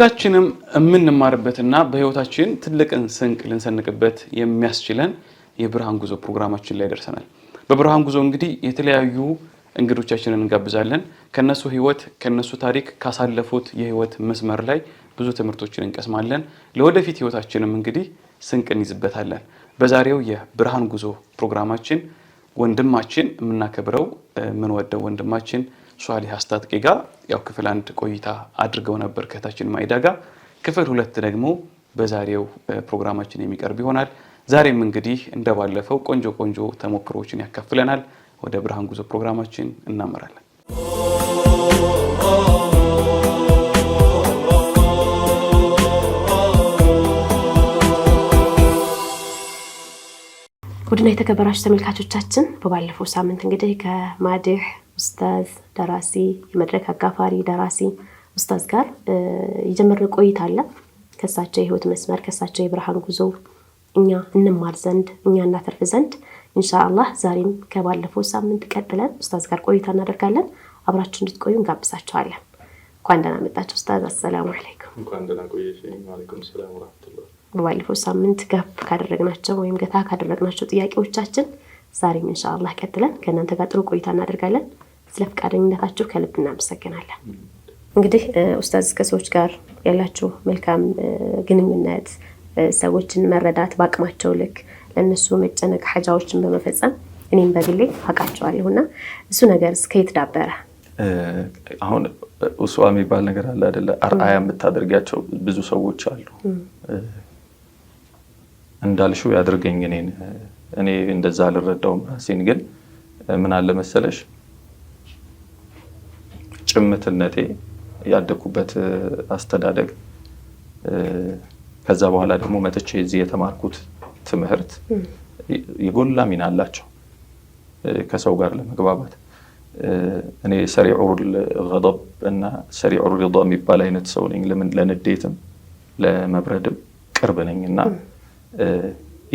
ሁላችንም የምንማርበትና በህይወታችን ትልቅን ስንቅ ልንሰንቅበት የሚያስችለን የብርሃን ጉዞ ፕሮግራማችን ላይ ደርሰናል። በብርሃን ጉዞ እንግዲህ የተለያዩ እንግዶቻችንን እንጋብዛለን። ከነሱ ህይወት፣ ከነሱ ታሪክ፣ ካሳለፉት የህይወት መስመር ላይ ብዙ ትምህርቶችን እንቀስማለን። ለወደፊት ህይወታችንም እንግዲህ ስንቅ እንይዝበታለን። በዛሬው የብርሃን ጉዞ ፕሮግራማችን ወንድማችን የምናከብረው የምንወደው ወንድማችን ሷሊህ አስታጥቂ ጋር ያው ክፍል አንድ ቆይታ አድርገው ነበር ከታችን ማይዳ ጋር። ክፍል ሁለት ደግሞ በዛሬው ፕሮግራማችን የሚቀርብ ይሆናል። ዛሬም እንግዲህ እንደባለፈው ቆንጆ ቆንጆ ተሞክሮዎችን ያካፍለናል። ወደ ብርሃን ጉዞ ፕሮግራማችን እናመራለን። ውድና የተከበራችሁ ተመልካቾቻችን በባለፈው ሳምንት እንግዲህ ከማዲህ ኡስታዝ ደራሲ፣ የመድረክ አጋፋሪ ደራሲ ኡስታዝ ጋር የጀመረ ቆይታ አለ። ከሳቸው የህይወት መስመር ከሳቸው የብርሃን ጉዞ እኛ እንማር ዘንድ እኛ እናተርፍ ዘንድ ኢንሻአላህ ዛሬም ከባለፈው ሳምንት ቀጥለን ኡስታዝ ጋር ቆይታ እናደርጋለን። አብራችሁ እንድትቆዩ እንጋብዛችኋለን። እንኳን ደህና መጣችሁ ኡስታዝ። አሰላሙ አለይኩም። እንኳን ደህና ቆየሽ። ሳምንት ገፍ ካደረግናቸው ወይም ገታ ካደረግናቸው ጥያቄዎቻችን ዛሬም ኢንሻአላህ ቀጥለን ከእናንተ ጋር ጥሩ ቆይታ እናደርጋለን። ስለ ፈቃደኝነታችሁ ከልብ እናመሰግናለን። እንግዲህ ኡስታዝ ከሰዎች ጋር ያላችሁ መልካም ግንኙነት፣ ሰዎችን መረዳት፣ በአቅማቸው ልክ ለእነሱ መጨነቅ ሀጃዎችን በመፈጸም እኔም በግሌ አውቃቸዋለሁ እና እሱ ነገር እስከየት ዳበረ? አሁን እሱዋ የሚባል ነገር አለ አይደለ? አርአያ የምታደርጊያቸው ብዙ ሰዎች አሉ። እንዳልሹ ያደርገኝ እኔን እኔ እንደዛ አልረዳውም ራሴን ግን ምን አለ መሰለሽ ጭምትነቴ ያደግኩበት አስተዳደግ ከዛ በኋላ ደግሞ መጥቼ እዚህ የተማርኩት ትምህርት የጎላ ሚና አላቸው ከሰው ጋር ለመግባባት። እኔ ሰሪዑል ገደብ እና ሰሪዑል ሪዳ የሚባል አይነት ሰው ነኝ። ለምን ለንዴትም ለመብረድም ቅርብ ነኝ እና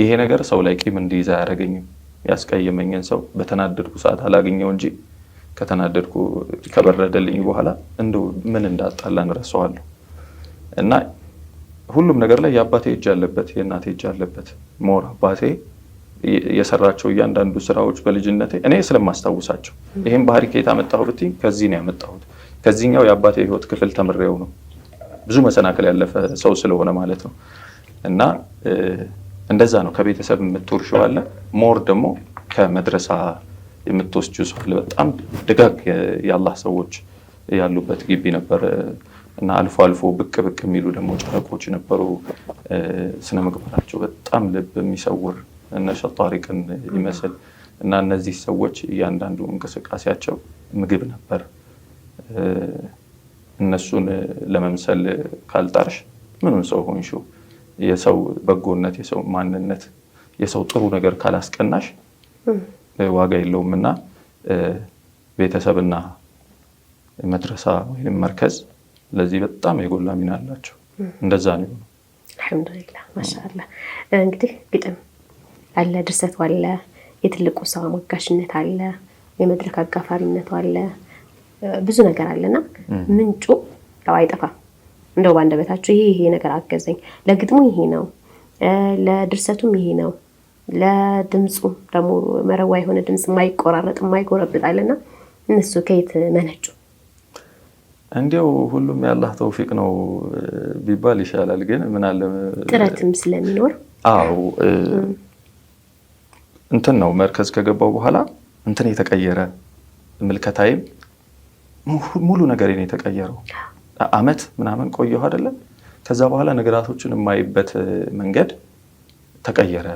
ይሄ ነገር ሰው ላይ ቂም እንዲይዝ አያደርገኝም። ያስቀየመኝን ሰው በተናደድኩ ሰዓት አላገኘው እንጂ ከተናደድኩ ከበረደልኝ በኋላ እንደው ምን እንዳጣላን ረሳዋለሁ እና ሁሉም ነገር ላይ የአባቴ እጅ አለበት፣ የእናቴ እጅ አለበት። ሞር አባቴ የሰራቸው እያንዳንዱ ስራዎች በልጅነቴ እኔ ስለማስታውሳቸው ይህም ባህሪ ከየት አመጣሁ ብትይ ከዚህ ነው ያመጣሁት። ከዚህኛው የአባቴ ህይወት ክፍል ተምሬው ነው ብዙ መሰናክል ያለፈ ሰው ስለሆነ ማለት ነው። እና እንደዛ ነው ከቤተሰብ የምትወርሸዋለ ሞር ደግሞ ከመድረሳ የምትወስጂው ሰው በጣም ደጋግ የአላህ ሰዎች ያሉበት ግቢ ነበር እና አልፎ አልፎ ብቅ ብቅ የሚሉ ደግሞ ጨረቆች ነበሩ። ስነ ምግባራቸው በጣም ልብ የሚሰውር እነ ሸጣሪቅን ይመስል እና እነዚህ ሰዎች እያንዳንዱ እንቅስቃሴያቸው ምግብ ነበር። እነሱን ለመምሰል ካልጣርሽ ምንም ሰው ሆንሽው። የሰው በጎነት፣ የሰው ማንነት፣ የሰው ጥሩ ነገር ካላስቀናሽ ዋጋ የለውም እና ቤተሰብና መድረሳ ወይም መርከዝ ለዚህ በጣም የጎላ ሚና አላቸው። እንደዛ ነው የሆነው። አልሐምዱሊላ እንግዲህ ግጥም አለ፣ ድርሰቱ አለ፣ የትልቁ ሰው አሞጋሽነት አለ፣ የመድረክ አጋፋሪነቱ አለ፣ ብዙ ነገር አለና ምንጩ ያው አይጠፋም። እንደው ባንደበታችሁ ይሄ ይሄ ነገር አገዘኝ፣ ለግጥሙ ይሄ ነው፣ ለድርሰቱም ይሄ ነው ለድምፁ ደግሞ መረዋ የሆነ ድምፅ የማይቆራረጥ የማይጎረብጣልና እነሱ ከየት መነጩ? እንዲያው ሁሉም የአላህ ተውፊቅ ነው ቢባል ይሻላል። ግን ምን አለ ጥረትም ስለሚኖር አዎ እንትን ነው መርከዝ ከገባው በኋላ እንትን የተቀየረ ምልከታይም ሙሉ ነገር ነው የተቀየረው። አመት ምናምን ቆየሁ አይደለም። ከዛ በኋላ ነገራቶችን የማይበት መንገድ ተቀየረ።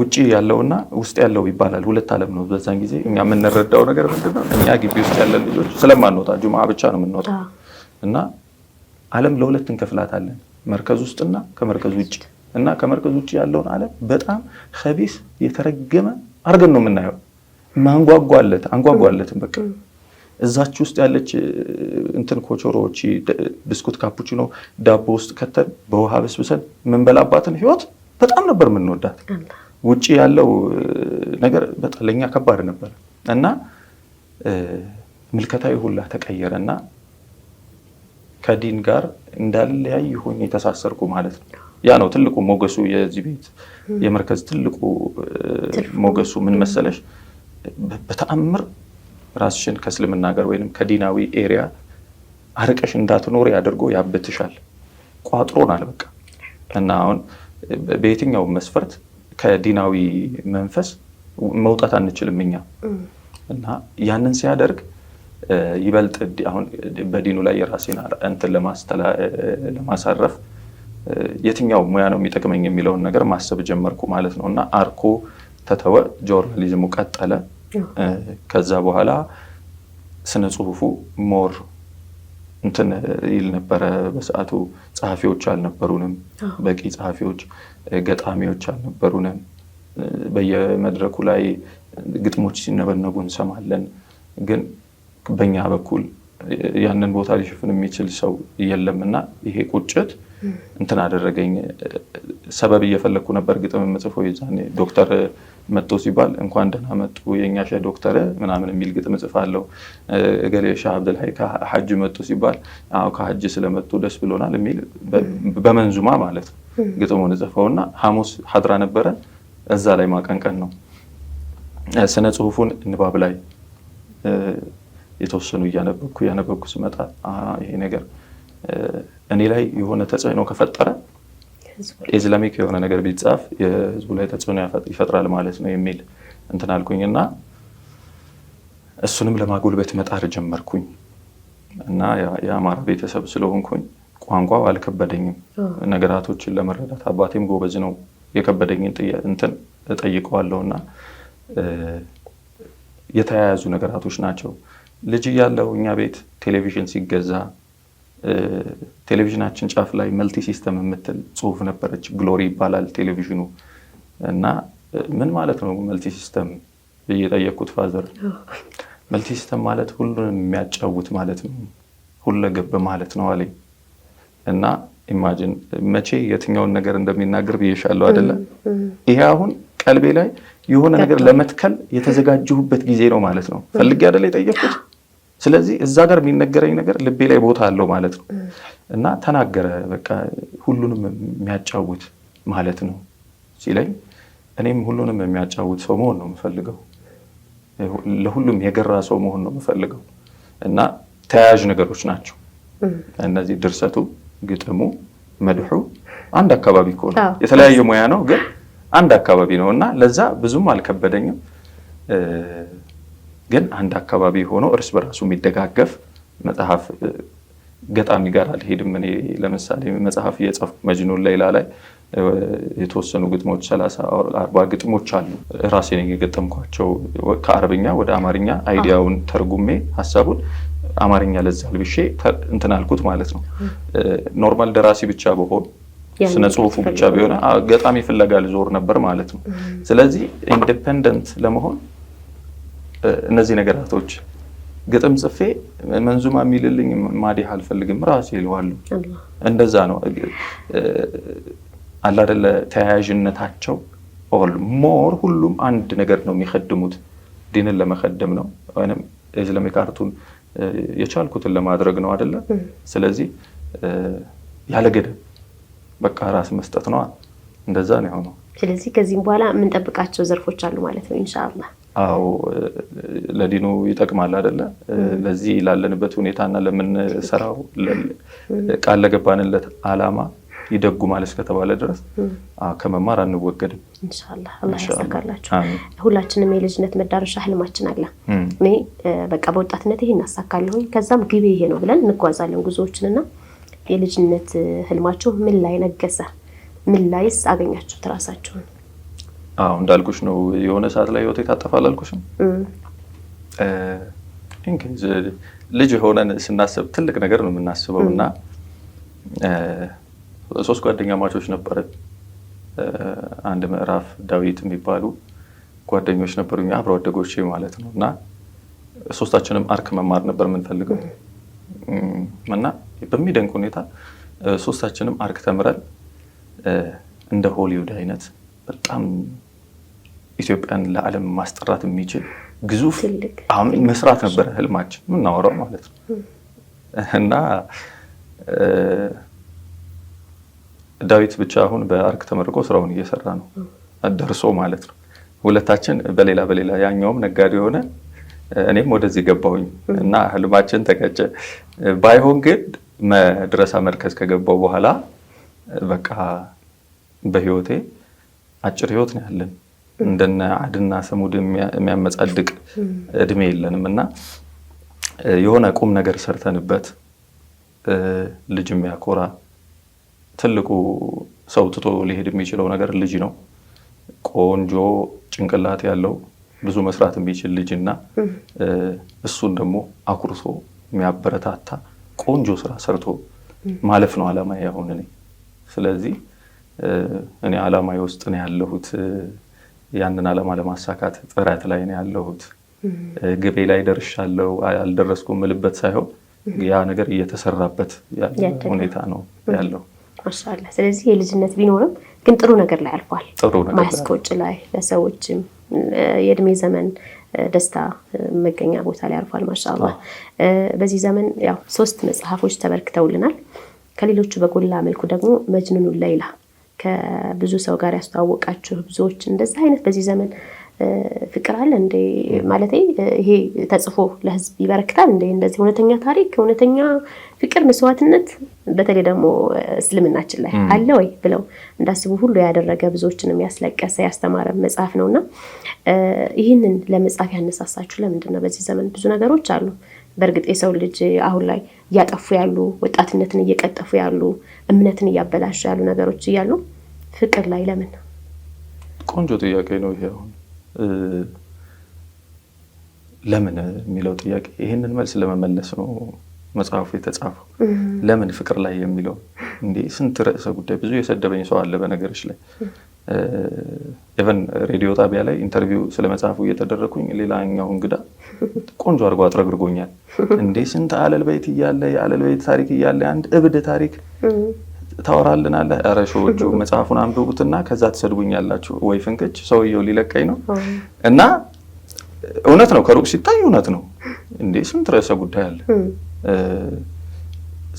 ውጭ ያለውና ውስጥ ያለው ይባላል። ሁለት ዓለም ነው። በዛን ጊዜ እኛ የምንረዳው ነገር ምንድነው? እኛ ግቢ ውስጥ ያለን ልጆች ስለማንወጣ ጁማ ብቻ ነው የምንወጣው እና ዓለም ለሁለት እንከፍላታለን፣ መርከዝ ውስጥና ከመርከዝ ውጭ እና ከመርከዝ ውጭ ያለውን ዓለም በጣም ከቢስ የተረገመ አድርገን ነው የምናየው። ማንጓጓለት አንጓጓለትም። በቃ እዛች ውስጥ ያለች እንትን ኮቾሮዎች፣ ብስኩት፣ ካፑቺኖ ዳቦ ውስጥ ከተን በውሃ በስብሰን የምንበላባትን ህይወት በጣም ነበር የምንወዳት። ውጭ ያለው ነገር በጣም ለእኛ ከባድ ነበር እና ምልከታዊ ሁላ ተቀየረ እና ከዲን ጋር እንዳለያይ ሆኜ የተሳሰርኩ ማለት ነው። ያ ነው ትልቁ ሞገሱ የዚህ ቤት የመርከዝ ትልቁ ሞገሱ ምን መሰለሽ፣ በተአምር ራስሽን ከእስልምና ጋር ወይም ከዲናዊ ኤሪያ አርቀሽ እንዳትኖር ያደርጎ ያብትሻል። ቋጥሮናል በቃ እና አሁን በየትኛውም መስፈርት ከዲናዊ መንፈስ መውጣት አንችልም እኛ እና ያንን ሲያደርግ ይበልጥ አሁን በዲኑ ላይ የራሴን እንትን ለማሳረፍ የትኛው ሙያ ነው የሚጠቅመኝ የሚለውን ነገር ማሰብ ጀመርኩ ማለት ነው። እና አርኮ ተተወ፣ ጆርናሊዝሙ ቀጠለ። ከዛ በኋላ ስነ ጽሁፉ ሞር እንትን ይል ነበረ በሰዓቱ ጸሐፊዎች አልነበሩንም፣ በቂ ጸሐፊዎች፣ ገጣሚዎች አልነበሩንም። በየመድረኩ ላይ ግጥሞች ሲነበነቡ እንሰማለን፣ ግን በኛ በኩል ያንን ቦታ ሊሸፍን የሚችል ሰው የለም እና ይሄ ቁጭት እንትን አደረገኝ። ሰበብ እየፈለግኩ ነበር ግጥም የምጽፈው የዛኔ ዶክተር መጥቶ ሲባል እንኳን ደህና መጡ የእኛ ዶክተር ምናምን የሚል ግጥም እጽፋለሁ። እገሌ ሼህ አብደልሀይ ከሀጅ መጡ ሲባል አዎ ከሀጅ ስለመጡ ደስ ብሎናል የሚል በመንዙማ ማለት ነው ግጥሙን እጽፈውና ሐሙስ ሀድራ ነበረ እዛ ላይ ማቀንቀን ነው። ስነ ጽሁፉን ንባብ ላይ የተወሰኑ እያነበኩ እያነበኩ ስመጣ ይሄ ነገር እኔ ላይ የሆነ ተጽዕኖ ከፈጠረ ኢዝላሚክ የሆነ ነገር ቢጻፍ የህዝቡ ላይ ተጽዕኖ ይፈጥራል ማለት ነው የሚል እንትን አልኩኝ እና እሱንም ለማጎልበት መጣር ጀመርኩኝ እና የአማራ ቤተሰብ ስለሆንኩኝ ቋንቋው አልከበደኝም። ነገራቶችን ለመረዳት አባቴም ጎበዝ ነው። የከበደኝን እንትን እጠይቀዋለሁ እና የተያያዙ ነገራቶች ናቸው። ልጅ እያለሁ እኛ ቤት ቴሌቪዥን ሲገዛ ቴሌቪዥናችን ጫፍ ላይ መልቲ ሲስተም የምትል ጽሁፍ ነበረች። ግሎሪ ይባላል ቴሌቪዥኑ እና ምን ማለት ነው መልቲ ሲስተም ብዬ ፋዘር መልቲ ሲስተም ማለት ሁሉንም የሚያጫውት ማለት ነው፣ ሁለገብ ማለት ነው አለኝ እና ኢማጂን መቼ የትኛውን ነገር እንደሚናገር ብዬሻለሁ አይደለ? ይሄ አሁን ቀልቤ ላይ የሆነ ነገር ለመትከል የተዘጋጀሁበት ጊዜ ነው ማለት ነው። ፈልጌ አይደለ የጠየቅኩት ስለዚህ እዛ ጋር የሚነገረኝ ነገር ልቤ ላይ ቦታ አለው ማለት ነው እና ተናገረ። በቃ ሁሉንም የሚያጫውት ማለት ነው ሲለኝ እኔም ሁሉንም የሚያጫውት ሰው መሆን ነው የምፈልገው፣ ለሁሉም የገራ ሰው መሆን ነው የምፈልገው እና ተያያዥ ነገሮች ናቸው እነዚህ ድርሰቱ፣ ግጥሙ፣ መድሑ አንድ አካባቢ እኮ ነው። የተለያየ ሙያ ነው ግን አንድ አካባቢ ነው እና ለዛ ብዙም አልከበደኝም። ግን አንድ አካባቢ ሆኖ እርስ በራሱ የሚደጋገፍ መጽሐፍ ገጣሚ ጋር አልሄድም። እኔ ለምሳሌ መጽሐፍ እየጻፍኩ መጅኑን ሌላ ላይ የተወሰኑ ግጥሞች ሰላሳ አርባ ግጥሞች አሉ ራሴን የገጠምኳቸው ከአረብኛ ወደ አማርኛ አይዲያውን ተርጉሜ ሀሳቡን አማርኛ ለዛ ልብሼ እንትን አልኩት ማለት ነው። ኖርማል ደራሲ ብቻ በሆን ስነ ጽሁፉ ብቻ ቢሆን ገጣሚ ፍለጋ ልዞር ነበር ማለት ነው። ስለዚህ ኢንዲፐንደንት ለመሆን እነዚህ ነገራቶች ግጥም ጽፌ መንዙማ የሚልልኝ ማዲህ አልፈልግም፣ ራሴ ይለዋሉ። እንደዛ ነው አላደለ ተያያዥነታቸው ኦል ሞር ሁሉም አንድ ነገር ነው የሚከድሙት። ዲንን ለመከደም ነው ወይም ኢስላሚክ አርቱን የቻልኩትን ለማድረግ ነው አደለ። ስለዚህ ያለ ገደብ በቃ ራስ መስጠት ነዋ። እንደዛ ነው የሆነው። ስለዚህ ከዚህም በኋላ የምንጠብቃቸው ዘርፎች አሉ ማለት ነው እንሻላ። አዎ ለዲኑ ይጠቅማል አይደለ? ለዚህ ላለንበት ሁኔታና ለምንሰራው ቃል ለገባንለት አላማ ይደጉማል እስከተባለ ድረስ ከመማር አንወገድም። ኢንሻላህ አላህ ያሳካላችሁ። ሁላችንም የልጅነት መዳረሻ ህልማችን አለ። እኔ በቃ በወጣትነት ይሄ እናሳካለሁኝ ከዛም ግቤ ይሄ ነው ብለን እንጓዛለን ጉዞዎችንና የልጅነት ህልማቸው ምን ላይ ነገሰ? ምን ላይስ አገኛችሁት ራሳችሁን? አዎ እንዳልኩሽ ነው። የሆነ ሰዓት ላይ ህይወቴ ታጠፋ አላልኩሽም? ልጅ ሆነን ስናስብ ትልቅ ነገር ነው የምናስበው እና ሶስት ጓደኛ ማቾች ነበረ። አንድ ምዕራፍ፣ ዳዊት የሚባሉ ጓደኞች ነበሩ፣ አብረ አደጎች ማለት ነው እና ሶስታችንም አርክ መማር ነበር የምንፈልገው እና በሚደንቅ ሁኔታ ሶስታችንም አርክ ተምረን እንደ ሆሊውድ አይነት በጣም ኢትዮጵያን ለዓለም ማስጠራት የሚችል ግዙፍ መስራት ነበረ ህልማችን የምናወራው ማለት ነው። እና ዳዊት ብቻ አሁን በአርክ ተመርቆ ስራውን እየሰራ ነው ደርሶ ማለት ነው። ሁለታችን በሌላ በሌላ ያኛውም ነጋዴ የሆነ እኔም ወደዚህ ገባሁኝ እና ህልማችን ተቀጨ። ባይሆን ግን መድረሳ መርከዝ ከገባው በኋላ በቃ በህይወቴ አጭር ህይወት ነው ያለን እንደነ አድና ሰሙድ የሚያመጻድቅ እድሜ የለንም እና የሆነ ቁም ነገር ሰርተንበት ልጅ የሚያኮራ ትልቁ ሰው ትቶ ሊሄድ የሚችለው ነገር ልጅ ነው። ቆንጆ ጭንቅላት ያለው ብዙ መስራት የሚችል ልጅ እና እሱን ደግሞ አኩርሶ የሚያበረታታ ቆንጆ ስራ ሰርቶ ማለፍ ነው አላማ ያሁን እኔ። ስለዚህ እኔ አላማ ውስጥ ነው ያለሁት። ያንን ዓላማ ለማሳካት ጥረት ላይ ነው ያለሁት። ግቤ ላይ ደርሻለሁ አልደረስኩ ምልበት ሳይሆን ያ ነገር እየተሰራበት ሁኔታ ነው ያለው። ማሻላ። ስለዚህ የልጅነት ቢኖርም ግን ጥሩ ነገር ላይ አልፏል። ጥሩ ማያስቆጭ ላይ ለሰዎችም የእድሜ ዘመን ደስታ መገኛ ቦታ ላይ አልፏል። ማሻላ። በዚህ ዘመን ያው ሶስት መጽሐፎች ተበርክተውልናል። ከሌሎቹ በጎላ መልኩ ደግሞ መጅኑኑ ለይላ ከብዙ ሰው ጋር ያስተዋወቃችሁ ብዙዎች እንደዛ አይነት በዚህ ዘመን ፍቅር አለ እንዴ? ማለት ይሄ ተጽፎ ለህዝብ ይበረክታል እንዴ? እንደዚህ እውነተኛ ታሪክ፣ እውነተኛ ፍቅር፣ መስዋዕትነት በተለይ ደግሞ እስልምናችን ላይ አለ ወይ ብለው እንዳስቡ ሁሉ ያደረገ ብዙዎችንም ያስለቀሰ ያስተማረ መጽሐፍ ነው እና ይህንን ለመጻፍ ያነሳሳችሁ ለምንድን ነው? በዚህ ዘመን ብዙ ነገሮች አሉ በእርግጥ የሰው ልጅ አሁን ላይ እያጠፉ ያሉ ወጣትነትን እየቀጠፉ ያሉ እምነትን እያበላሹ ያሉ ነገሮች እያሉ ፍቅር ላይ ለምን? ቆንጆ ጥያቄ ነው ይሄ። አሁን ለምን የሚለው ጥያቄ ይህንን መልስ ለመመለስ ነው መጽሐፉ የተጻፈው። ለምን ፍቅር ላይ የሚለው እንዴ! ስንት ርዕሰ ጉዳይ ብዙ የሰደበኝ ሰው አለ በነገሮች ላይ ኢቨን ሬዲዮ ጣቢያ ላይ ኢንተርቪው ስለ መጽሐፉ እየተደረግኩኝ ሌላኛው እንግዳ ቆንጆ አድርጎ አጥረግርጎኛል። እንዴ ስንት አለል በይት እያለ የአለል በይት ታሪክ እያለ አንድ እብድ ታሪክ ታወራልናለ። ኧረ ሾዎቹ መጽሐፉን አንብቡትና ከዛ ትሰድቡኛላችሁ ወይ ፍንክች፣ ሰውየው ሊለቀኝ ነው። እና እውነት ነው፣ ከሩቅ ሲታይ እውነት ነው። እንዴ ስንት ርዕሰ ጉዳይ አለ፣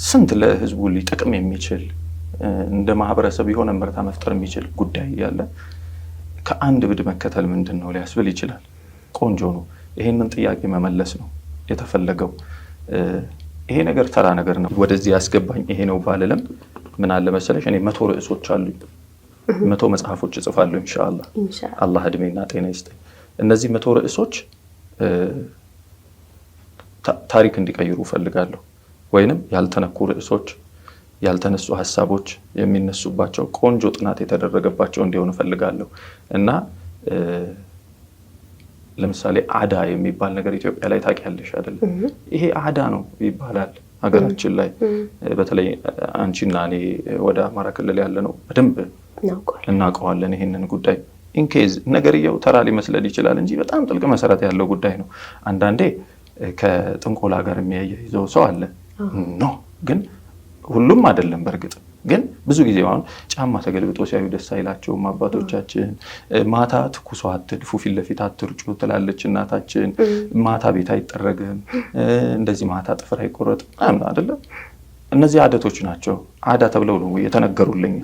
ስንት ለህዝቡ ሊጠቅም የሚችል እንደ ማህበረሰብ የሆነ ምርታ መፍጠር የሚችል ጉዳይ ያለ ከአንድ ብድ መከተል ምንድን ነው ሊያስብል ይችላል። ቆንጆ ነው። ይሄንን ጥያቄ መመለስ ነው የተፈለገው። ይሄ ነገር ተራ ነገር ነው። ወደዚህ ያስገባኝ ይሄ ነው ባልልም ምን አለ መሰለሽ እኔ መቶ ርዕሶች አሉኝ፣ መቶ መጽሐፎች እጽፋለሁ እንሻላ አላህ እድሜና ጤና ይስጠኝ። እነዚህ መቶ ርዕሶች ታሪክ እንዲቀይሩ እፈልጋለሁ፣ ወይንም ያልተነኩ ርዕሶች ያልተነሱ ሀሳቦች የሚነሱባቸው ቆንጆ ጥናት የተደረገባቸው እንዲሆን እፈልጋለሁ እና ለምሳሌ አዳ የሚባል ነገር ኢትዮጵያ ላይ ታውቂያለሽ አይደለም? ይሄ አዳ ነው ይባላል ሀገራችን ላይ በተለይ አንቺና እኔ ወደ አማራ ክልል ያለ ነው በደንብ እናውቀዋለን ይሄንን ጉዳይ ኢንኬዝ ነገርየው ተራ ሊመስለል ይችላል እንጂ በጣም ጥልቅ መሰረት ያለው ጉዳይ ነው። አንዳንዴ ከጥንቆላ ጋር የሚያያይዘው ሰው አለ ኖ ግን ሁሉም አይደለም በእርግጥ ግን ብዙ ጊዜ አሁን ጫማ ተገልብጦ ሲያዩ ደስ አይላቸውም አባቶቻችን። ማታ ትኩሶ አትድፉ፣ ፊት ለፊት አትርጩ ትላለች እናታችን። ማታ ቤት አይጠረግም፣ እንደዚህ ማታ ጥፍር አይቆረጥም ምናምን አይደለም። እነዚህ አደቶች ናቸው። አዳ ተብለው ነው የተነገሩልኝ።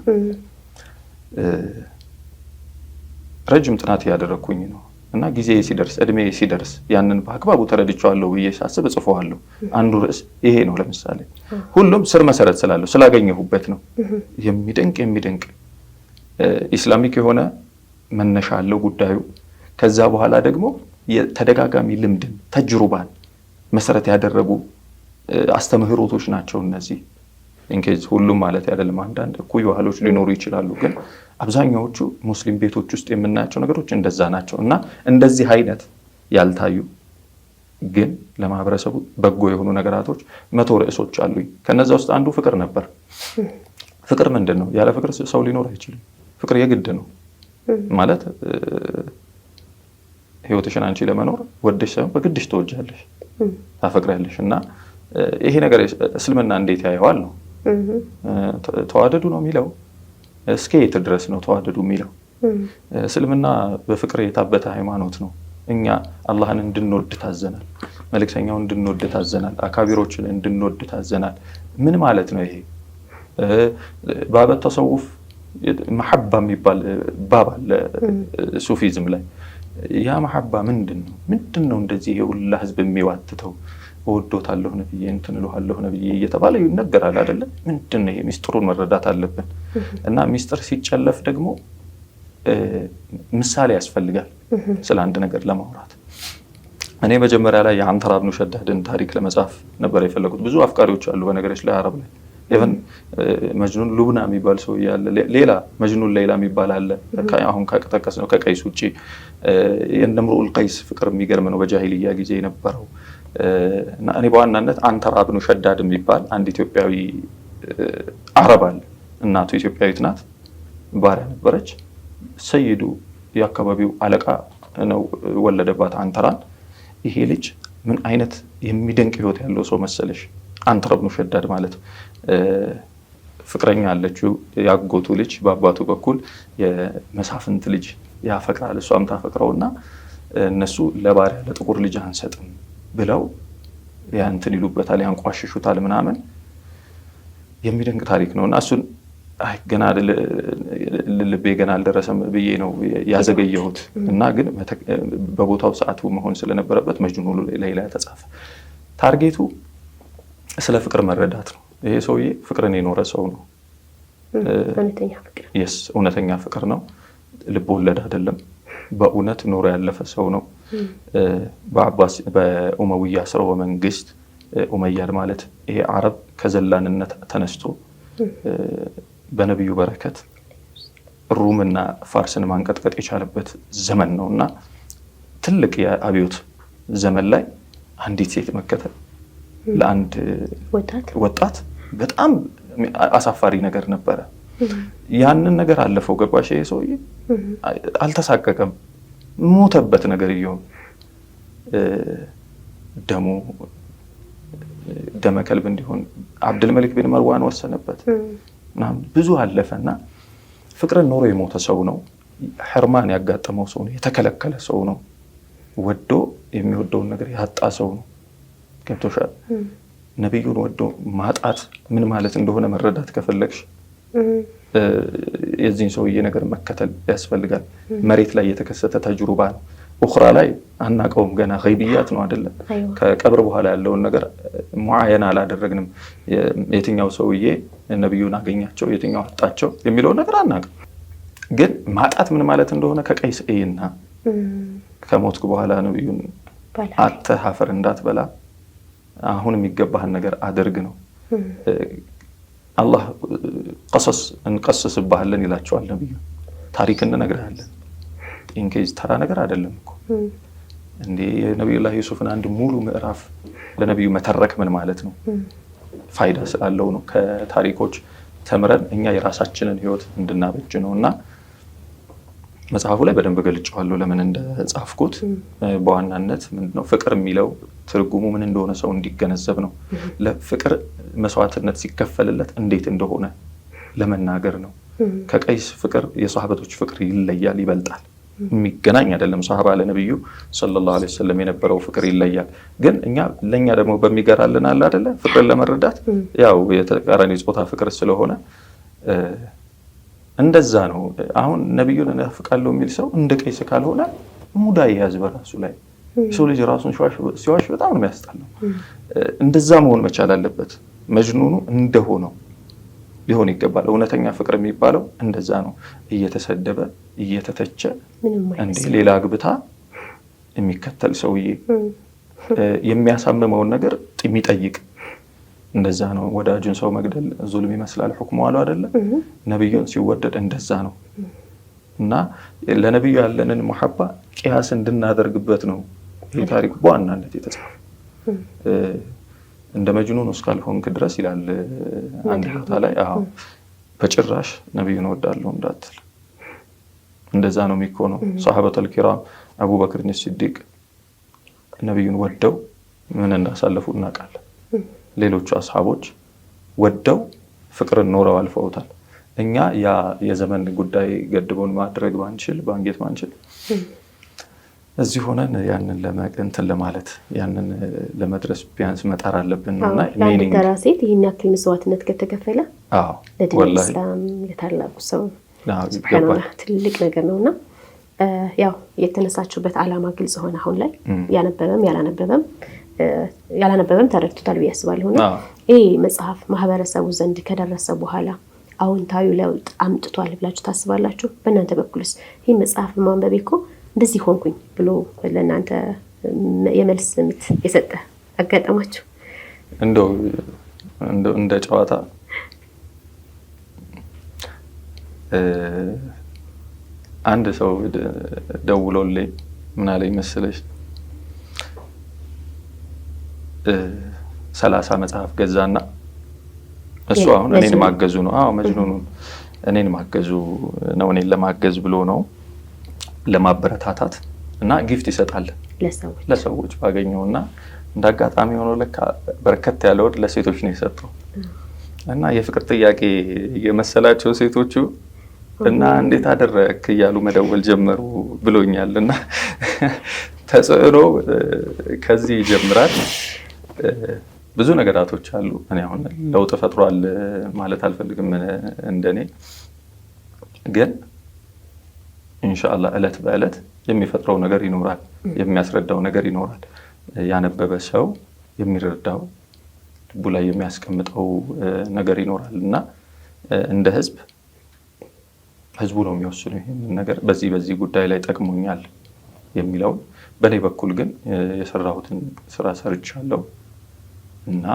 ረጅም ጥናት እያደረግኩኝ ነው እና ጊዜ ሲደርስ እድሜ ሲደርስ ያንን በአግባቡ ተረድቼዋለሁ ብዬ ሳስብ እጽፈዋለሁ። አንዱ ርዕስ ይሄ ነው። ለምሳሌ ሁሉም ስር መሰረት ስላለው ስላገኘሁበት ነው። የሚደንቅ የሚደንቅ ኢስላሚክ የሆነ መነሻ አለው ጉዳዩ። ከዛ በኋላ ደግሞ የተደጋጋሚ ልምድን ተጅሩባን መሰረት ያደረጉ አስተምህሮቶች ናቸው እነዚህ። ኢንኬዝ ሁሉም ማለት አይደለም፣ አንዳንድ እኩይ ባህሎች ሊኖሩ ይችላሉ ግን አብዛኛዎቹ ሙስሊም ቤቶች ውስጥ የምናያቸው ነገሮች እንደዛ ናቸው እና እንደዚህ አይነት ያልታዩ ግን ለማህበረሰቡ በጎ የሆኑ ነገራቶች መቶ ርዕሶች አሉኝ። ከነዛ ውስጥ አንዱ ፍቅር ነበር። ፍቅር ምንድን ነው? ያለ ፍቅር ሰው ሊኖር አይችልም። ፍቅር የግድ ነው ማለት ህይወትሽን አንቺ ለመኖር ወደሽ ሳይሆን በግድሽ ትወጃለሽ፣ ታፈቅሪያለሽ እና ይሄ ነገር እስልምና እንዴት ያየዋል ነው ተዋደዱ ነው የሚለው እስከ የት ድረስ ነው ተዋደዱ የሚለው? እስልምና በፍቅር የታበተ ሃይማኖት ነው። እኛ አላህን እንድንወድ ታዘናል። መልእክተኛው እንድንወድ ታዘናል። አካቢሮችን እንድንወድ ታዘናል። ምን ማለት ነው ይሄ? ባበት ተሰውፍ መሐባ የሚባል ባብ አለ ሱፊዝም ላይ። ያ መሐባ ምንድን ነው? ምንድን ነው እንደዚህ የሁላ ህዝብ የሚዋትተው እወዶታለሁ ነብዬ እንትን እልሃለሁ ነብዬ እየተባለ ይነገራል አይደለም። ምንድን ነው ይሄ? ሚስጥሩን መረዳት አለብን። እና ሚስጥር ሲጨለፍ ደግሞ ምሳሌ ያስፈልጋል ስለ አንድ ነገር ለማውራት። እኔ መጀመሪያ ላይ የአንተራ ብኑ ሸዳድን ታሪክ ለመጻፍ ነበር የፈለጉት። ብዙ አፍቃሪዎች አሉ በነገሮች ላይ አረብ ላይ ኢቨን መጅኑን ሉብና የሚባል ሰው ያለ ሌላ መጅኑን ሌላ የሚባል አለ። አሁን ከጠቀስ ነው ከቀይስ ውጭ እንደምሩል ቀይስ ፍቅር የሚገርም ነው። በጃሂልያ ጊዜ የነበረው እና እኔ በዋናነት አንተር አብኑ ሸዳድ የሚባል አንድ ኢትዮጵያዊ አረብ አለ። እናቱ ኢትዮጵያዊት ናት፣ ባሪያ ነበረች። ሰይዱ የአካባቢው አለቃ ነው ወለደባት አንተራን። ይሄ ልጅ ምን አይነት የሚደንቅ ህይወት ያለው ሰው መሰለሽ! አንተር አብኑ ሸዳድ ማለት ፍቅረኛ አለችው፣ ያጎቱ ልጅ በአባቱ በኩል የመሳፍንት ልጅ ያፈቅራል፣ እሷም ታፈቅረው እና እነሱ ለባሪያ ለጥቁር ልጅ አንሰጥም ብለው ያንትን ይሉበታል፣ ያንቋሽሹታል ምናምን የሚደንቅ ታሪክ ነው እና እሱን ገና ልቤ ገና አልደረሰም ብዬ ነው ያዘገየሁት። እና ግን በቦታው ሰዓቱ መሆን ስለነበረበት መጅኑ ሌላ ተጻፈ። ታርጌቱ ስለ ፍቅር መረዳት ነው። ይሄ ሰውዬ ፍቅርን የኖረ ሰው ነው። እውነተኛ ፍቅር ነው። ልብ ወለድ አይደለም። በእውነት ኑሮ ያለፈ ሰው ነው። hmm. በኡመውያ ስርወ መንግስት ኡመያድ ማለት ይሄ አረብ ከዘላንነት ተነስቶ hmm. በነቢዩ በረከት ሩምና ፋርስን ማንቀጥቀጥ የቻለበት ዘመን ነው እና ትልቅ የአብዮት ዘመን ላይ አንዲት ሴት መከተል hmm. ለአንድ ወጣት በጣም አሳፋሪ ነገር ነበረ። ያንን ነገር አለፈው። ገባሽ? ይሄ ሰውዬ አልተሳቀቀም። ሞተበት ነገር እየሆን ደሞ ደመከልብ እንዲሆን አብድልመሊክ ቢን መርዋን ወሰነበት። ብዙ አለፈና ፍቅርን ኖሮ የሞተ ሰው ነው። ሕርማን ያጋጠመው ሰው ነው። የተከለከለ ሰው ነው። ወዶ የሚወደውን ነገር ያጣ ሰው ነው። ገብቶሻል? ነቢዩን ወዶ ማጣት ምን ማለት እንደሆነ መረዳት ከፈለግሽ የዚህን ሰውዬ ነገር መከተል ያስፈልጋል። መሬት ላይ የተከሰተ ተጅሩባ ነው። ኡኽራ ላይ አናቀውም። ገና ገይብያት ነው አይደለም። ከቀብር በኋላ ያለውን ነገር ሙዓየና አላደረግንም። የትኛው ሰውዬ ነቢዩን አገኛቸው፣ የትኛው አጣቸው የሚለው ነገር አናቅም። ግን ማጣት ምን ማለት እንደሆነ ከቀይስ እይና ከሞትኩ በኋላ ነቢዩን አተህ አፈር እንዳትበላ አሁን የሚገባህን ነገር አድርግ ነው አላህ ቀሰስ እንቀስስብሃለን ይላቸዋል ነብዩ። ታሪክ እንነግርሃለን። ኢንኬዝ ተራ ነገር አይደለም እኮ እንዴ! የነቢዩላህ ዩሱፍን አንድ ሙሉ ምዕራፍ ለነቢዩ መተረክ ምን ማለት ነው? ፋይዳ ስላለው ነው። ከታሪኮች ተምረን እኛ የራሳችንን ህይወት እንድናበጅ ነው እና መጽሐፉ ላይ በደንብ ገልጬዋለሁ ለምን እንደጻፍኩት። በዋናነት ምንድነው ፍቅር የሚለው ትርጉሙ ምን እንደሆነ ሰው እንዲገነዘብ ነው። ለፍቅር መስዋዕትነት ሲከፈልለት እንዴት እንደሆነ ለመናገር ነው። ከቀይስ ፍቅር የሰሃበቶች ፍቅር ይለያል፣ ይበልጣል። የሚገናኝ አይደለም። ሰሃባ ለነቢዩ ሰለላሁ ዐለይሂ ወሰለም የነበረው ፍቅር ይለያል። ግን እኛ ለእኛ ደግሞ በሚገራልን አለ አደለ ፍቅርን ለመረዳት ያው የተቃራኒ ፆታ ፍቅር ስለሆነ እንደዛ ነው። አሁን ነቢዩን እናፍቃለሁ የሚል ሰው እንደ ቀይስ ካልሆነ ሙዳ ይያዝ በራሱ ላይ የሰው ልጅ ራሱን ሲዋሽ በጣም ነው የሚያስጠላው። እንደዛ መሆን መቻል አለበት። መጅኑኑ እንደሆነው ሊሆን ይገባል። እውነተኛ ፍቅር የሚባለው እንደዛ ነው። እየተሰደበ እየተተቸ እንዴ ሌላ ግብታ የሚከተል ሰውዬ የሚያሳምመውን ነገር የሚጠይቅ እንደዛ ነው። ወዳጁን ሰው መግደል ዙልም ይመስላል። ሁክሙ አሉ አይደለም። ነቢዩን ሲወደድ እንደዛ ነው እና ለነቢዩ ያለንን መሐባ ቅያስ እንድናደርግበት ነው ይህ ታሪክ በዋናነት የተጻፈ እንደ መጅኑን እስካልሆንክ ድረስ ይላል አንድ ቦታ ላይ። አዎ በጭራሽ ነቢዩን ወዳለሁ እንዳትል፣ እንደዛ ነው የሚኮነው። ሰሓበተል ኪራም አቡበክር ሲዲቅ ነቢዩን ወደው ምን እንዳሳለፉ እናውቃለን። ሌሎቹ አስሓቦች ወደው ፍቅርን ኖረው አልፈውታል። እኛ ያ የዘመን ጉዳይ ገድቦን ማድረግ ባንችል ባንጌት ባንችል እዚህ ሆነን ያንን እንትን ለማለት ያንን ለመድረስ ቢያንስ መጣር አለብን ነውና ለአንድ ተራ ሴት ይህን ያክል መስዋዕትነት ከተከፈለ ለድን ኢስላም የታላቁ ሰው ስብሓንላ ትልቅ ነገር ነውና ያው የተነሳችሁበት ዓላማ ግልጽ ሆነ። አሁን ላይ ያነበበም ያላነበበም ያላነበበም ተረድቶታል ብዬ አስባለሁ። እና ይህ መጽሐፍ ማህበረሰቡ ዘንድ ከደረሰ በኋላ አዎንታዊ ለውጥ አምጥቷል ብላችሁ ታስባላችሁ? በእናንተ በኩልስ ይህ መጽሐፍ በማንበቤ እኮ እንደዚህ ሆንኩኝ ብሎ ለእናንተ የመልስ ምት የሰጠ አጋጠማችሁ? እንደው እንደ ጨዋታ አንድ ሰው ደውሎልኝ ምን አለኝ መሰለሽ፣ ሰላሳ መጽሐፍ ገዛና እሱ አሁን እኔን ማገዙ ነው። አዎ መጅኑኑን እኔን ማገዙ ነው፣ እኔን ለማገዝ ብሎ ነው ለማበረታታት እና ጊፍት ይሰጣል ለሰዎች ባገኘው እና እንደ አጋጣሚ ሆኖ ለካ በርከት ያለውን ለሴቶች ነው የሰጠው እና የፍቅር ጥያቄ የመሰላቸው ሴቶቹ እና እንዴት አደረክ እያሉ መደወል ጀመሩ ብሎኛል። እና ተጽዕኖ ከዚህ ይጀምራል። ብዙ ነገራቶች አሉ። እኔ አሁን ለውጥ ፈጥሯል ማለት አልፈልግም። እንደኔ ግን እንሻላ እለት በእለት የሚፈጥረው ነገር ይኖራል፣ የሚያስረዳው ነገር ይኖራል። ያነበበ ሰው የሚረዳው ልቡ ላይ የሚያስቀምጠው ነገር ይኖራል እና እንደ ህዝብ ህዝቡ ነው የሚወስኑ ይህንን ነገር በዚህ በዚህ ጉዳይ ላይ ጠቅሞኛል የሚለውን በእኔ በኩል ግን የሰራሁትን ስራ ሰርቻለሁ እና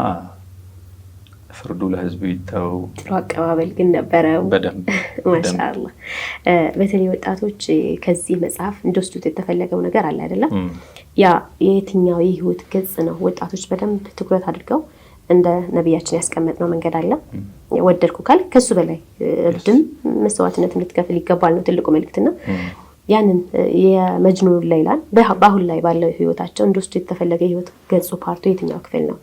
ፍርዱ ለህዝቡ ይተው። ጥሩ አቀባበል ግን ነበረው። በደንብ በተለይ ወጣቶች ከዚህ መጽሐፍ እንደወስዱት የተፈለገው ነገር አለ አይደለም? ያ የየትኛው የህይወት ገጽ ነው ወጣቶች በደንብ ትኩረት አድርገው እንደ ነቢያችን ያስቀመጥነው መንገድ አለ። ወደድኩ ካል ከሱ በላይ እርድም መስዋዕትነት እንድትከፍል ይገባል ነው ትልቁ መልእክትና ያንን የመጅኑን ላይላን በአሁን ላይ ባለው ህይወታቸው እንደወስዱ የተፈለገ የህይወት ገጹ ፓርቱ የትኛው ክፍል ነው?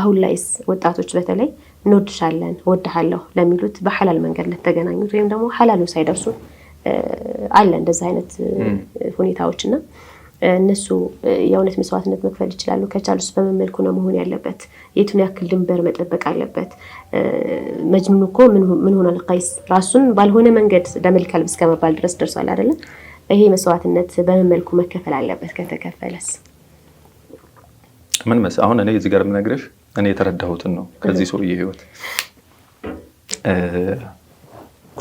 አሁን ላይስ ወጣቶች በተለይ እንወድሻለን ወድሃለሁ ለሚሉት በሐላል መንገድ ለተገናኙት ወይም ደግሞ ሐላሉ ሳይደርሱ አለ እንደዚህ አይነት ሁኔታዎች እና እነሱ የእውነት መስዋዕትነት መክፈል ይችላሉ። ከቻሉስ በምን መልኩ ነው መሆን ያለበት? የቱን ያክል ድንበር መጠበቅ አለበት? መጅኑን እኮ ምን ሆኗል? ቀይስ ራሱን ባልሆነ መንገድ ደመል እስከ መባል ድረስ ደርሷል አይደለም? ይሄ መስዋዕትነት በምን መልኩ መከፈል አለበት? ከተከፈለስ ምን መስ አሁን እኔ እዚህ ጋር የምነግርሽ እኔ የተረዳሁትን ነው ከዚህ ሰውዬ ህይወት።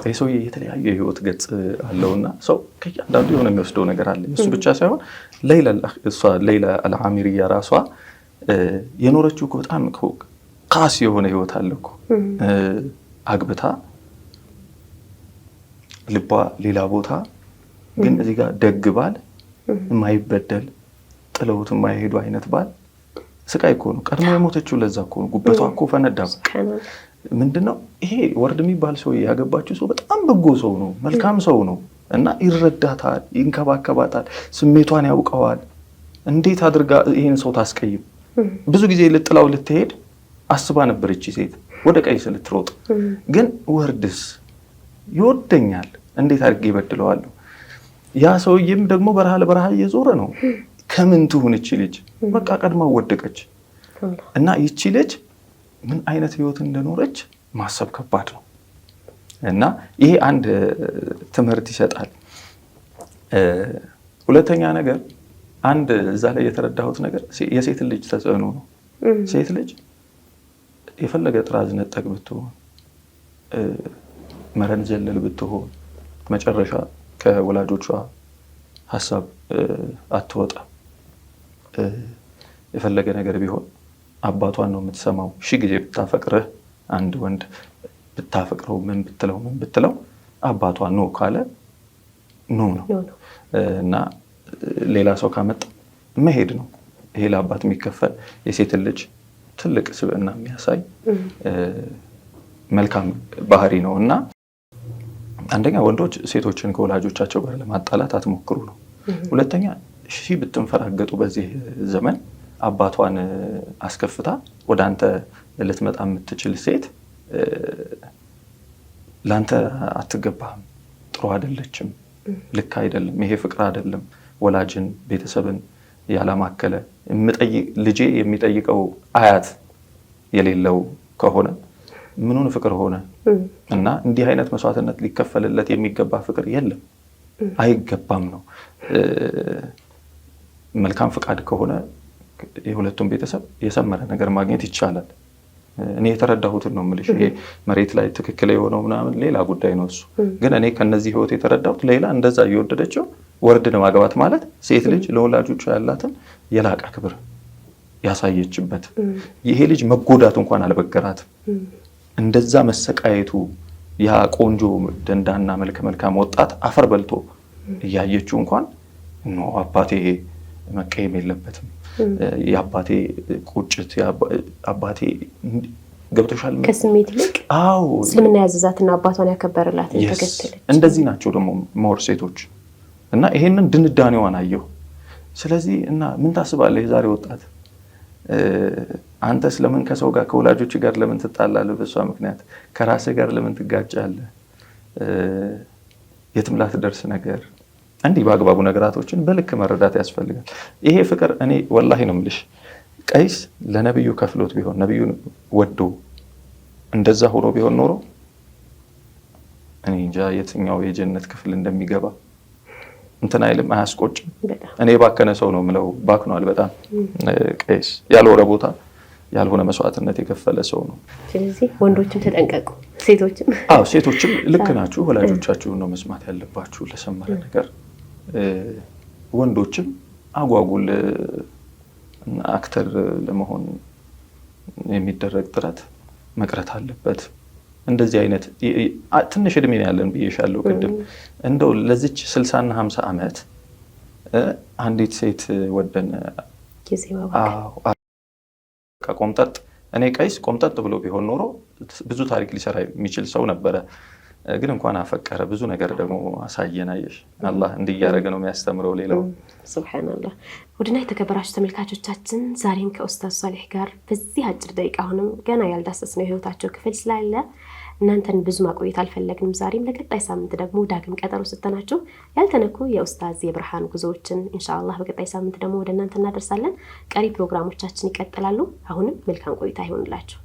ይህ ሰውዬ የተለያየ ህይወት ገጽ አለውና ሰው ከእያንዳንዱ የሆነ የሚወስደው ነገር አለ። እሱ ብቻ ሳይሆን ለይላ አልአሚርያ ራሷ የኖረችው በጣም ካስ የሆነ ህይወት አለ እኮ አግብታ ልቧ ሌላ ቦታ ግን እዚህ ጋር ደግ ባል የማይበደል ጥለውት የማይሄዱ አይነት ባል ስቃይ እኮ ነው። ቀድሞ የሞተችው ለዛ እኮ ነው። ጉበቷ እኮ ፈነዳ። ምንድነው ይሄ ወርድ የሚባል ሰው ያገባችው ሰው በጣም በጎ ሰው ነው፣ መልካም ሰው ነው እና ይረዳታል፣ ይንከባከባታል፣ ስሜቷን ያውቀዋል። እንዴት አድርጋ ይህን ሰው ታስቀይም? ብዙ ጊዜ ልጥላው ልትሄድ አስባ ነበር እቺ ሴት ወደ ቀይስ ልትሮጥ። ግን ወርድስ ይወደኛል፣ እንዴት አድርጌ ይበድለዋለሁ? ያ ሰውዬም ደግሞ በረሃ ለበረሃ እየዞረ ነው ከምን ትሁን እቺ ልጅ? በቃ ቀድማ ወደቀች እና ይቺ ልጅ ምን አይነት ህይወት እንደኖረች ማሰብ ከባድ ነው እና ይሄ አንድ ትምህርት ይሰጣል። ሁለተኛ ነገር አንድ እዛ ላይ የተረዳሁት ነገር የሴት ልጅ ተጽዕኖ ነው። ሴት ልጅ የፈለገ ጥራዝ ነጠቅ ብትሆን፣ መረን ዘለል ብትሆን መጨረሻ ከወላጆቿ ሀሳብ አትወጣም። የፈለገ ነገር ቢሆን አባቷን ነው የምትሰማው። ሺ ጊዜ ብታፈቅርህ አንድ ወንድ ብታፈቅረው ምን ብትለው ምን ብትለው አባቷ ኖ ካለ ኖ ነው እና ሌላ ሰው ካመጣ መሄድ ነው። ይሄ ለአባት የሚከፈል የሴትን ልጅ ትልቅ ስብዕና የሚያሳይ መልካም ባህሪ ነው እና አንደኛ ወንዶች ሴቶችን ከወላጆቻቸው ጋር ለማጣላት አትሞክሩ ነው። ሁለተኛ ሺህ ብትንፈራገጡ በዚህ ዘመን አባቷን አስከፍታ ወደ አንተ ልትመጣ የምትችል ሴት ለአንተ አትገባም ጥሩ አይደለችም፣ ልክ አይደለም፣ ይሄ ፍቅር አይደለም፣ ወላጅን ቤተሰብን ያላማከለ ልጄ የሚጠይቀው አያት የሌለው ከሆነ ምኑን ፍቅር ሆነ? እና እንዲህ አይነት መስዋዕትነት ሊከፈልለት የሚገባ ፍቅር የለም፣ አይገባም ነው። መልካም ፈቃድ ከሆነ የሁለቱም ቤተሰብ የሰመረ ነገር ማግኘት ይቻላል። እኔ የተረዳሁትን ነው የምልሽ። ይሄ መሬት ላይ ትክክል የሆነው ምናምን ሌላ ጉዳይ ነው እሱ። ግን እኔ ከነዚህ ህይወት የተረዳሁት ሌላ እንደዛ እየወደደችው ወርድ ማግባት ማለት ሴት ልጅ ለወላጆቿ ያላትን የላቀ ክብር ያሳየችበት ይሄ ልጅ መጎዳት እንኳን አልበገራትም። እንደዛ መሰቃየቱ ያ ቆንጆ ደንዳና መልከ መልካም ወጣት አፈር በልቶ እያየችው እንኳን አባቴ መቀየም የለበትም። የአባቴ ቁጭት አባቴ ገብቶሻል። ከስሜት ይልቅ አዎ፣ እስልምና ያዘዛትና አባቷን ያከበርላት ተከተለች። እንደዚህ ናቸው ደግሞ መወር ሴቶች እና ይሄንን ድንዳኔዋን አየሁ። ስለዚህ እና ምን ታስባለህ የዛሬ ወጣት አንተስ ለምን ከሰው ጋር ከወላጆች ጋር ለምን ትጣላለህ? በእሷ ምክንያት ከራስህ ጋር ለምን ትጋጫለህ? የትም ላትደርስ ነገር እንዲህ በአግባቡ ነገራቶችን በልክ መረዳት ያስፈልጋል። ይሄ ፍቅር እኔ ወላሂ ነው የምልሽ ቀይስ ለነብዩ ከፍሎት ቢሆን ነብዩ ወዶ እንደዛ ሆኖ ቢሆን ኖሮ እኔ እንጃ የትኛው የጀነት ክፍል እንደሚገባ እንትን አይልም፣ አያስቆጭም። እኔ ባከነ ሰው ነው ምለው፣ ባክኗል በጣም ቀይስ። ያልሆነ ቦታ ያልሆነ መስዋዕትነት የከፈለ ሰው ነው። ስለዚህ ወንዶችም ተጠንቀቁ፣ ሴቶችም። አዎ ሴቶችም ልክ ናችሁ። ወላጆቻችሁን ነው መስማት ያለባችሁ ለሰመረ ነገር ወንዶችም አጓጉል አክተር ለመሆን የሚደረግ ጥረት መቅረት አለበት። እንደዚህ አይነት ትንሽ እድሜ ያለን ብዬሻለሁ ቅድም እንደው ለዚች ስልሳና ሀምሳ ዓመት አንዲት ሴት ወደን ቆምጠጥ እኔ ቀይስ ቆምጠጥ ብሎ ቢሆን ኖሮ ብዙ ታሪክ ሊሰራ የሚችል ሰው ነበረ። ግን እንኳን አፈቀረ ብዙ ነገር ደግሞ አሳየን። አየሽ አላህ እንዲያደረገ ነው የሚያስተምረው። ሌላው ሱብሓነላህ። ውድና የተከበራችሁ ተመልካቾቻችን ዛሬም ከኡስታዝ ሷሊህ ጋር በዚህ አጭር ደቂቃ አሁንም ገና ነው የህይወታቸው ክፍል ስላለ እናንተን ብዙ ማቆየት አልፈለግንም። ዛሬም ለቀጣይ ሳምንት ደግሞ ዳግም ቀጠሮ ስተናችሁ ያልተነኩ የኡስታዝ የብርሃን ጉዞዎችን እንሻላ በቀጣይ ሳምንት ደግሞ ወደ እናንተ እናደርሳለን። ቀሪ ፕሮግራሞቻችን ይቀጥላሉ። አሁንም መልካም ቆይታ ይሆንላችሁ።